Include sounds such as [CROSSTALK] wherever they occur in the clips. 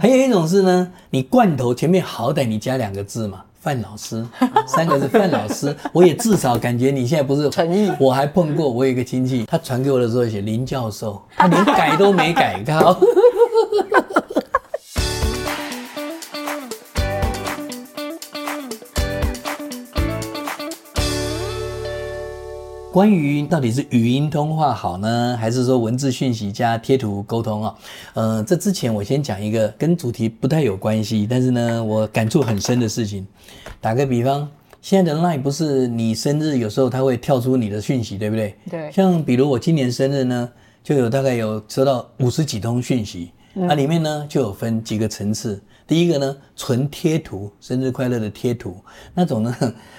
還有一種是呢，你罐頭前面好歹你加兩個字嘛，范老師，三個字范老師，我也至少感覺你現在不是誠意，我還碰過，我有一個親戚，他傳給我的時候寫林教授，他連改都沒改，他。 [LAUGHS] [LAUGHS] 關於到底是語音通話好呢，還是說文字訊息加貼圖溝通啊？呃，這之前我先講一個跟主題不太有關係，但是呢我感觸很深的事情。打個比方，現在的 LINE 不是你生日有時候它會跳出你的訊息，對不對？對。像比如我今年生日呢，就有大概有收到五十幾通訊息，那、嗯啊、裡面呢就有分幾個層次。第一個呢，純貼圖，生日快樂的貼圖，那種呢，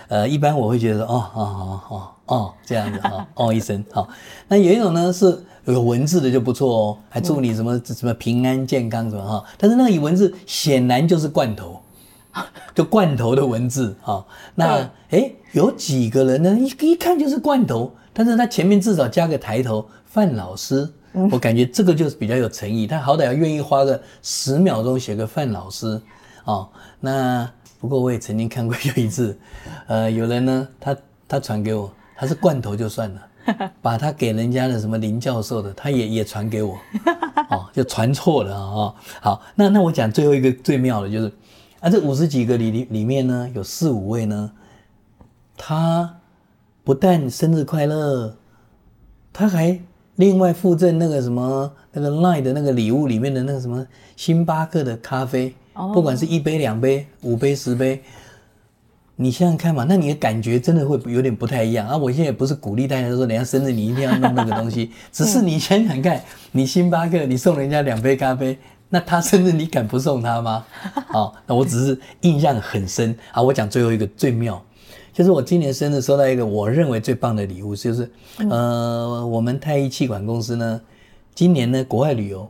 呃，一般我會覺得，哦哦哦哦哦，這樣子哈，哦， [LAUGHS] 哦一聲，好、哦。那有一種呢是有文字的就不錯哦，還祝你什麼什麼平安健康什麼哈、哦。但是那個以文字顯然就是罐頭，就罐頭的文字哈、哦。那哎、啊，有幾個人呢一一看就是罐頭，但是他前面至少加個抬頭范老師。我感覺這個就是比較有誠意，他好歹要願意花個十秒鐘寫個范老師，哦，那不過我也曾經看過有一次，呃，有人呢，他他傳給我，他是罐頭就算了，把他給人家的什麼林教授的，他也也傳給我，哦，就傳錯了啊，哦，好，那那我講最後一個最妙的就是，啊，這五十幾個裡裡裡面呢，有四五位呢，他不但生日快樂，他還。另外附贈那個什麼那個 LINE 的那個禮物裡面的那個什麼星巴克的咖啡，不管是一杯兩杯五杯十杯，你想想看嘛，那你的感覺真的會有點不太一樣。啊，我現在不是鼓勵大家說，人家生日你一定要弄那個東西，只是你想想看，你星巴克你送人家兩杯咖啡，那他生日你敢不送他嗎？啊，那我只是印象很深啊。我講最後一個最妙。就是我今年生日收到一個我認為最棒的禮物，就是呃，嗯、我們太毅企管公司呢，今年呢國外旅遊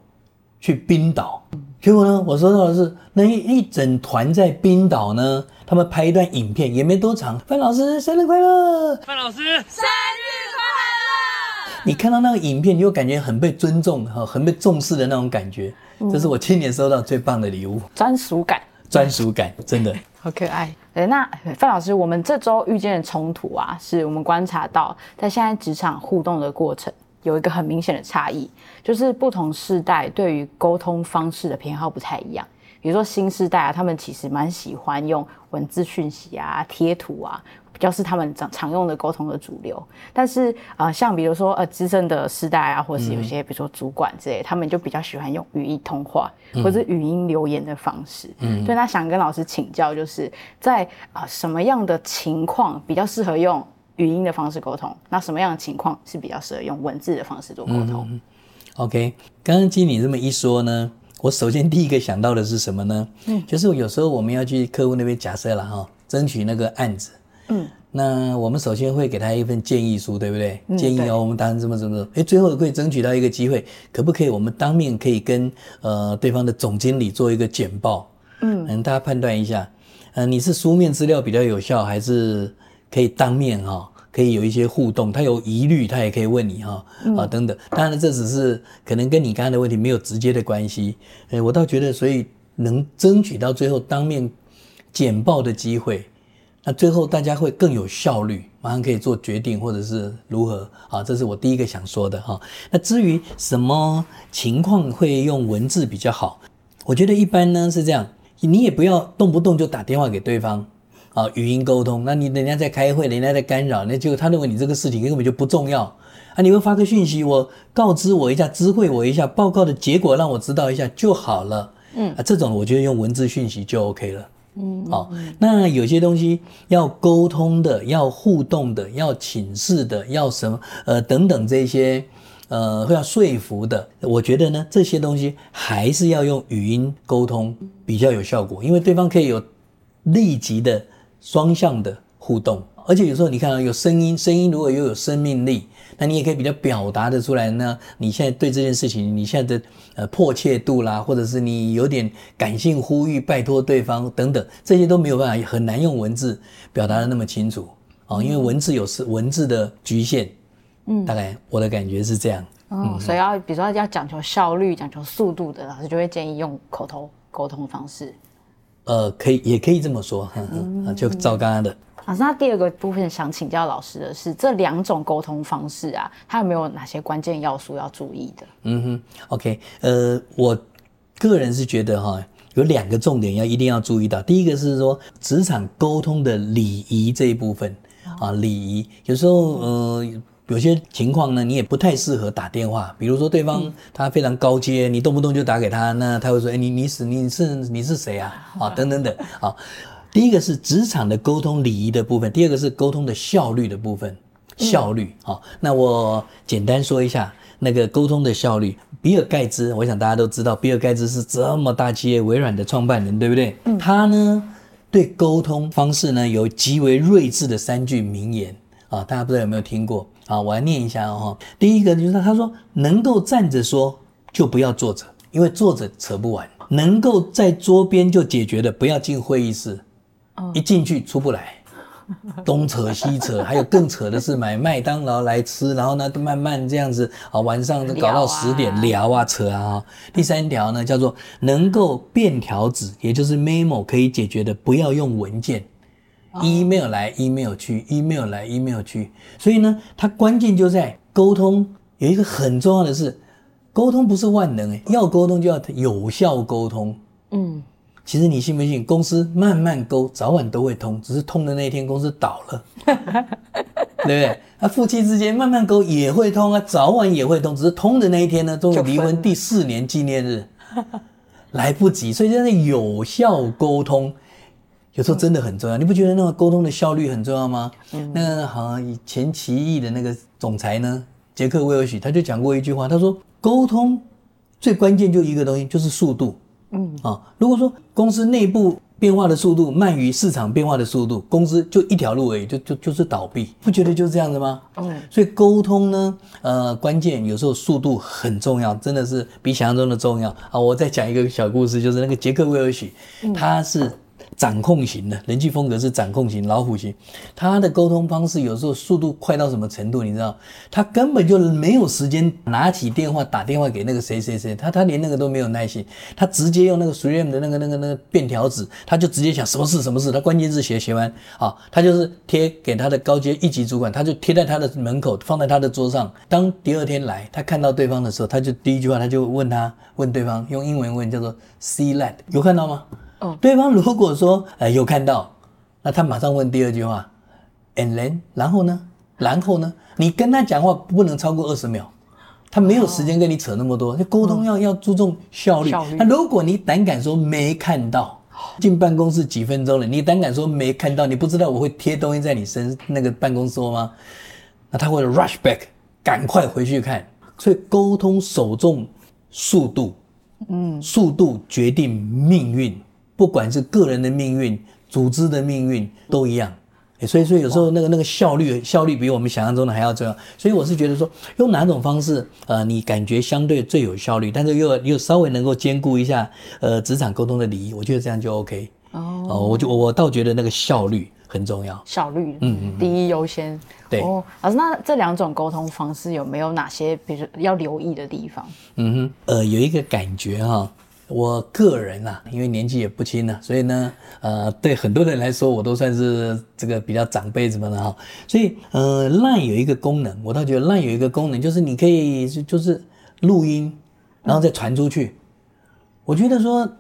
去冰島，嗯、結果呢我收到的是那一,一整團在冰島呢，他們拍一段影片，也沒多長，范老師生日快樂，范老師生日快樂。你看到那個影片，你就感覺很被尊重哈，很被重視的那種感覺，嗯、這是我今年收到最棒的禮物，專屬感，專屬感真的 [LAUGHS] 好可愛。誒，那范老師，我們這週遇見的衝突啊，是我們觀察到在現在職場互動的過程，有一個很明顯的差異，就是不同世代對於溝通方式的偏好不太一樣。比如說新世代啊，他們其實蠻喜歡用文字訊息啊、貼圖啊。比較是他們常常用的溝通的主流，但是啊、呃，像比如說呃資深的世代啊，或是有些、嗯、比如說主管之類，他們就比較喜歡用語音通話、嗯、或者語音留言的方式。嗯，所以他想跟老師請教，就是在啊、呃、什麼樣的情況比較適合用語音的方式溝通？那什麼樣的情況是比較適合用文字的方式做溝通、嗯、？OK，剛剛經你這麼一說呢，我首先第一個想到的是什麼呢？嗯，就是有時候我們要去客戶那邊假設了哈，爭取那個案子。嗯，那我們首先會給他一份建議書，對不對？嗯、建議哦，對我們當然這麼、這麼、哎，最後可以爭取到一個機會，可不可以？我們當面可以跟呃對方的總經理做一個簡報，嗯，可大家判斷一下，呃，你是書面資料比較有效，還是可以當面哈、哦，可以有一些互動。他有疑慮，他也可以問你哈、哦，嗯、啊等等。當然，這只是可能跟你剛才的問題沒有直接的關係，誒我倒覺得，所以能爭取到最後當面簡報的機會。那最後大家會更有效率，馬上可以做決定或者是如何啊？這是我第一個想說的哈。那至於什麼情況會用文字比較好？我覺得一般呢是這樣，你也不要動不動就打電話給對方啊，語音溝通。那你人家在開會，人家在干擾，那就他認為你這個事情根本就不重要啊。你會發個訊息，我告知我一下，知會我一下，報告的結果讓我知道一下就好了。嗯，啊，這種我覺得用文字訊息就 OK 了。嗯，好，那有些東西要溝通的，要互動的，要請示的，要什麼呃等等這些，呃，會要說服的，我覺得呢，這些東西還是要用語音溝通比較有效果，因為對方可以有立即的雙向的互動。而且有時候你看啊，有聲音，聲音如果又有，有生命力，那你也可以比較表達的出來呢。你現在對這件事情，你現在的呃迫切度啦，或者是你有點感性呼籲，拜託對方等等，這些都沒有辦法，很難用文字表達的那麼清楚啊。哦，因為文字有時文字的局限。嗯，大概我的感覺是這樣。嗯、嗯、哦，所以要比如說要講求效率，講求速度的老師，就會建議用口頭溝通的方式。呃，可以，也可以這麼說，呵呵，就照剛剛的。嗯好，那第二個部分想請教老師的是，這兩種溝通方式啊，它有沒有哪些關鍵要素要注意的？嗯哼，OK，呃，我個人是覺得哈、哦，有兩個重點要一定要注意到，第一個是說職場溝通的禮儀這一部分、哦、啊，禮儀有時候呃有些情況呢，你也不太適合打電話，比如說對方、嗯、他非常高階，你動不動就打給他，那他會說，哎、欸，你你是你是你是誰啊？啊，啊，等等等， [LAUGHS] 啊。第一個是職場的溝通禮儀的部分，第二個是溝通的效率的部分。效率，好、嗯哦，那我簡單說一下那個溝通的效率。比爾蓋茨，我想大家都知道，比爾蓋茨是這麼大企業微軟的創辦人，對不對？嗯、他呢，對溝通方式呢有極為睿智的三句名言啊、哦，大家不知道有沒有聽過啊、哦？我來念一下哦。第一個就是他說：“能夠站着說，就不要坐着，因為坐着扯不完；能夠在桌邊就解決的，不要進會議室。” Oh. 一進去出不來，東扯西扯， [LAUGHS] 還有更扯的是買麥當勞來吃， [LAUGHS] 然後呢，慢慢這樣子啊，晚上搞到十點聊啊，聊啊扯啊。第三條呢叫做能夠便條紙，也就是 memo 可以解決的，不要用文件、oh.，email 來 email 去，email 來 email 去。所以呢，它關鍵就在、是哎、溝通，有一個很重要的是，溝通不是萬能誒，要溝通就要有效溝通。嗯。其實你信不信，公司慢慢溝，早晚都會通，只是通的那一天，公司倒了， [LAUGHS] 對不對？那、啊、夫妻之間慢慢溝也會通啊，早晚也會通，只是通的那一天呢，都是離婚第四年紀念日，來不及。所以，現在有效溝通，有時候真的很重要。你不覺得那個溝通的效率很重要嗎？嗯。那個好像以前奇異的那個總裁呢，傑克威爾許，他就講過一句話，他說溝通最關鍵就一個東西，就是速度。嗯啊、哦，如果說公司內部變化的速度慢於市場變化的速度，公司就一條路而已，就就就是倒閉，不覺得就是這樣子嗎？嗯，Okay. 所以溝通呢，呃，關鍵有時候速度很重要，真的是比想象中的重要啊、哦！我再講一個小故事，就是那個傑克威爾許，嗯、他是。掌控型的人際風格是掌控型、老虎型，他的溝通方式有時候速度快到什麼程度？你知道，他根本就沒有時間拿起電話打電話給那個誰誰誰，他他連那個都沒有耐心，他直接用那個 3M 的那個那個那個便條紙，他就直接想什麼事什麼事，他關鍵字寫寫完啊，他就是貼給他的高階一級主管，他就貼在他的門口，放在他的桌上。當第二天來，他看到對方的時候，他就第一句話他就問他問對方用英文問叫做 “see that”，有看到嗎？對方如果說、呃，有看到，那他馬上問第二句話，And then，然後呢？然後呢？你跟他講話不能超過二十秒，他沒有時間跟你扯那麼多。哦、就溝通要、嗯、要注重效率。效率。那如果你膽敢說沒看到，進辦公室幾分鐘了，你膽敢說沒看到，你不知道我會貼東西在你身那個辦公桌嗎？那他會 rush back，趕快回去看。所以溝通首重速度，嗯，速度決定命運。不管是個人的命運、組織的命運都一樣，欸，所以，所以有時候那個那個效率，效率比我們想象中的還要重要。所以我是覺得說，用哪種方式，呃，你感覺相對最有效率，但是又又稍微能夠兼顧一下，呃，職場溝通的禮儀，我覺得這樣就 OK。哦、呃，我就我倒覺得那個效率很重要。效率，嗯，嗯，嗯，第一優先，對。哦，老師，那這兩種溝通方式有沒有哪些，比如說要留意的地方？嗯哼，呃，有一個感覺哈。我個人啊，因為年紀也不輕了，啊，所以呢，呃，對很多人來說，我都算是這個比較長輩什麼的哈。所以，呃，LINE 有一個功能，我倒覺得 LINE 有一個功能，就是你可以就是錄音，然後再傳出去。我覺得說，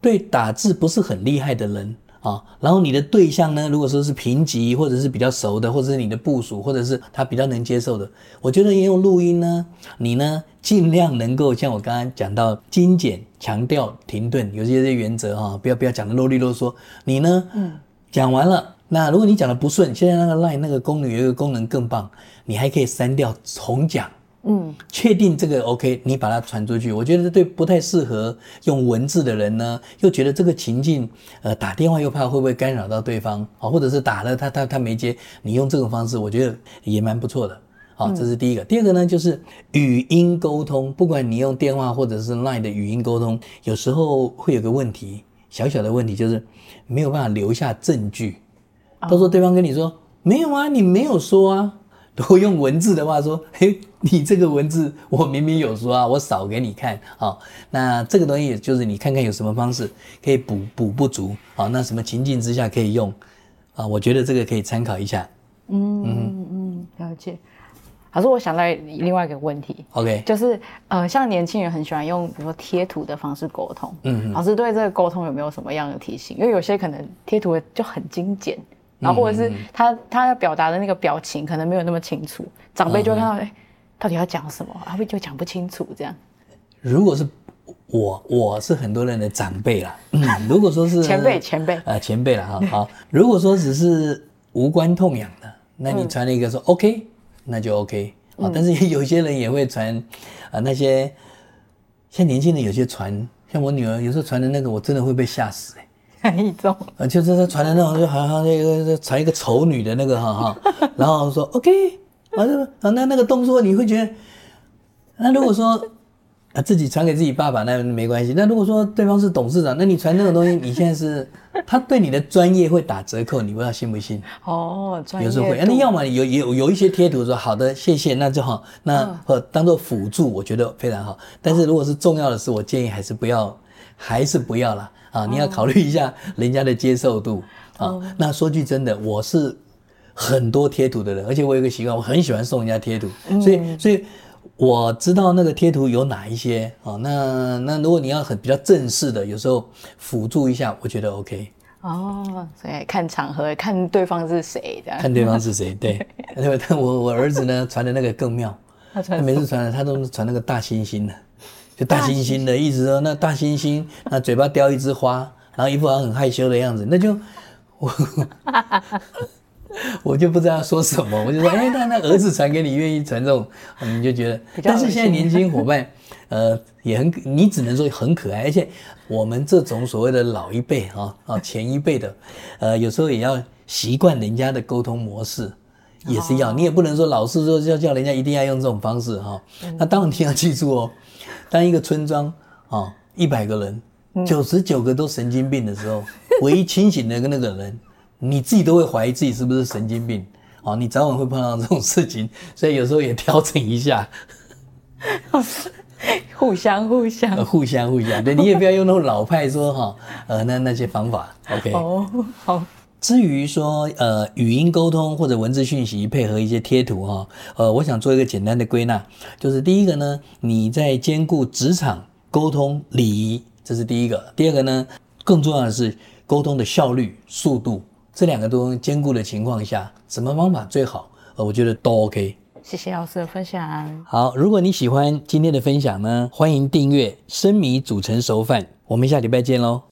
對打字不是很厲害的人。啊、哦，然後你的對象呢？如果說是平級，或者是比較熟的，或者是你的部屬，或者是他比較能接受的，我覺得用錄音呢，你呢盡量能夠像我剛剛講到精簡、強調、停頓，有些這些原則哈、哦，不要不要講的囉裡囉嗦。你呢，嗯，講完了，那如果你講的不順，現在那個 line 那個功能有一個功能更棒，你還可以刪掉重講。嗯，確定這個 OK，你把它傳出去。我覺得對不太適合用文字的人呢，又覺得這個情境，呃，打電話又怕會不會干擾到對方，啊、哦，或者是打了他他他，他沒接，你用這種方式，我覺得也蠻不錯的。好、哦，這是第一個。嗯、第二個呢，就是語音溝通，不管你用電話或者是 LINE 的語音溝通，有時候會有個問題，小小的問題就是沒有辦法留下證據。到時候對方跟你說、嗯、沒有啊，你沒有說啊。如果用文字的話說，嘿，你這個文字我明明有說啊，我掃給你看、哦、那這個東西也就是你看看有什麼方式可以補補不足、哦、那什麼情境之下可以用啊、哦？我覺得這個可以參考一下。嗯嗯哼嗯，了解。老師，我想再另外一個問題，OK，、嗯、就是呃，像年輕人很喜歡用比如說貼圖的方式溝通。嗯哼，老師對這個溝通有沒有什麼樣的提醒？因為有些可能貼圖的就很精簡。然後或者是他他要表達的那個表情可能沒有那麼清楚，長輩就看到、嗯、哎，到底要講什麼？他不就講不清楚這樣。如果是我，我是很多人的長輩啦。嗯，如果說是前輩 [LAUGHS] 前輩，啊前輩了哈、呃、好。 [LAUGHS] 如果說只是無關痛癢的，那你傳了一個說、嗯、OK，那就 OK 啊、哦。但是有些人也會傳啊、呃、那些像年輕人有些傳，像我女兒有時候傳的那個，我真的會被嚇死、欸一種就是傳的那種，就好像那個傳一個醜女的那個，哈哈。然後說 OK，完了，那那個動作你會覺得，那如果說自己傳給自己爸爸，那沒關係。那如果說對方是董事長，那你傳這種東西，你現在是，他對你的專業會打折扣，你不知道信不信？哦，專業，有時候會。那要麼有有有一些貼圖說好的，謝謝，那就好，那當做輔助，我覺得非常好。但是如果是重要的事，我建議還是不要，還是不要了。啊，你要考慮一下人家的接受度、哦、啊。那說句真的，我是很多貼圖的人，而且我有個習慣，我很喜歡送人家貼圖，所以、嗯、所以我知道那個貼圖有哪一些啊。那那如果你要很比較正式的，有時候輔助一下，我覺得 OK。哦，所以看場合，看對方是誰的。看對方是誰，對。 [LAUGHS] 對，對我我兒子呢，傳的那個更妙。 [LAUGHS] 他傳，他每次傳，他都是傳那個大猩猩的。大猩猩的，意思說那大猩猩，那嘴巴叼一枝花，然後一副好像很害羞的樣子，那就我我就不知道說什麼，我就說哎、欸，那那兒子傳給你，願意傳這種，你就覺得。但是現在年輕夥伴，呃，也很，你只能說很可愛，而且我們這種所謂的老一輩哈啊前一輩的，呃，有時候也要習慣人家的溝通模式，也是一樣，哦、你也不能說老是說要叫人家一定要用這種方式哈、哦，那當然你要記住哦。當一個村莊啊，哦，一百個人，九十九個都神經病的時候，嗯、 [LAUGHS] 唯一清醒的那個人，你自己都會懷疑自己是不是神經病。哦，你早晚會碰到這種事情，所以有時候也調整一下。是， [LAUGHS] 互相互相。互相互相，對你也不要用那種老派說哈，呃、哦，那那些方法。OK。哦，好。至於說，呃，語音溝通或者文字訊息配合一些貼圖、哦，哈，呃，我想做一個簡單的歸納，就是第一個呢，你在兼顧職場溝通禮儀，這是第一個；第二個呢，更重要的是溝通的效率、速度，這兩個都兼顧的情況下，什麼方法最好？呃，我覺得都 OK。謝謝老師的分享、啊。好，如果你喜歡今天的分享呢，歡迎訂閱“生米煮成熟飯”，我們下禮拜見嘍。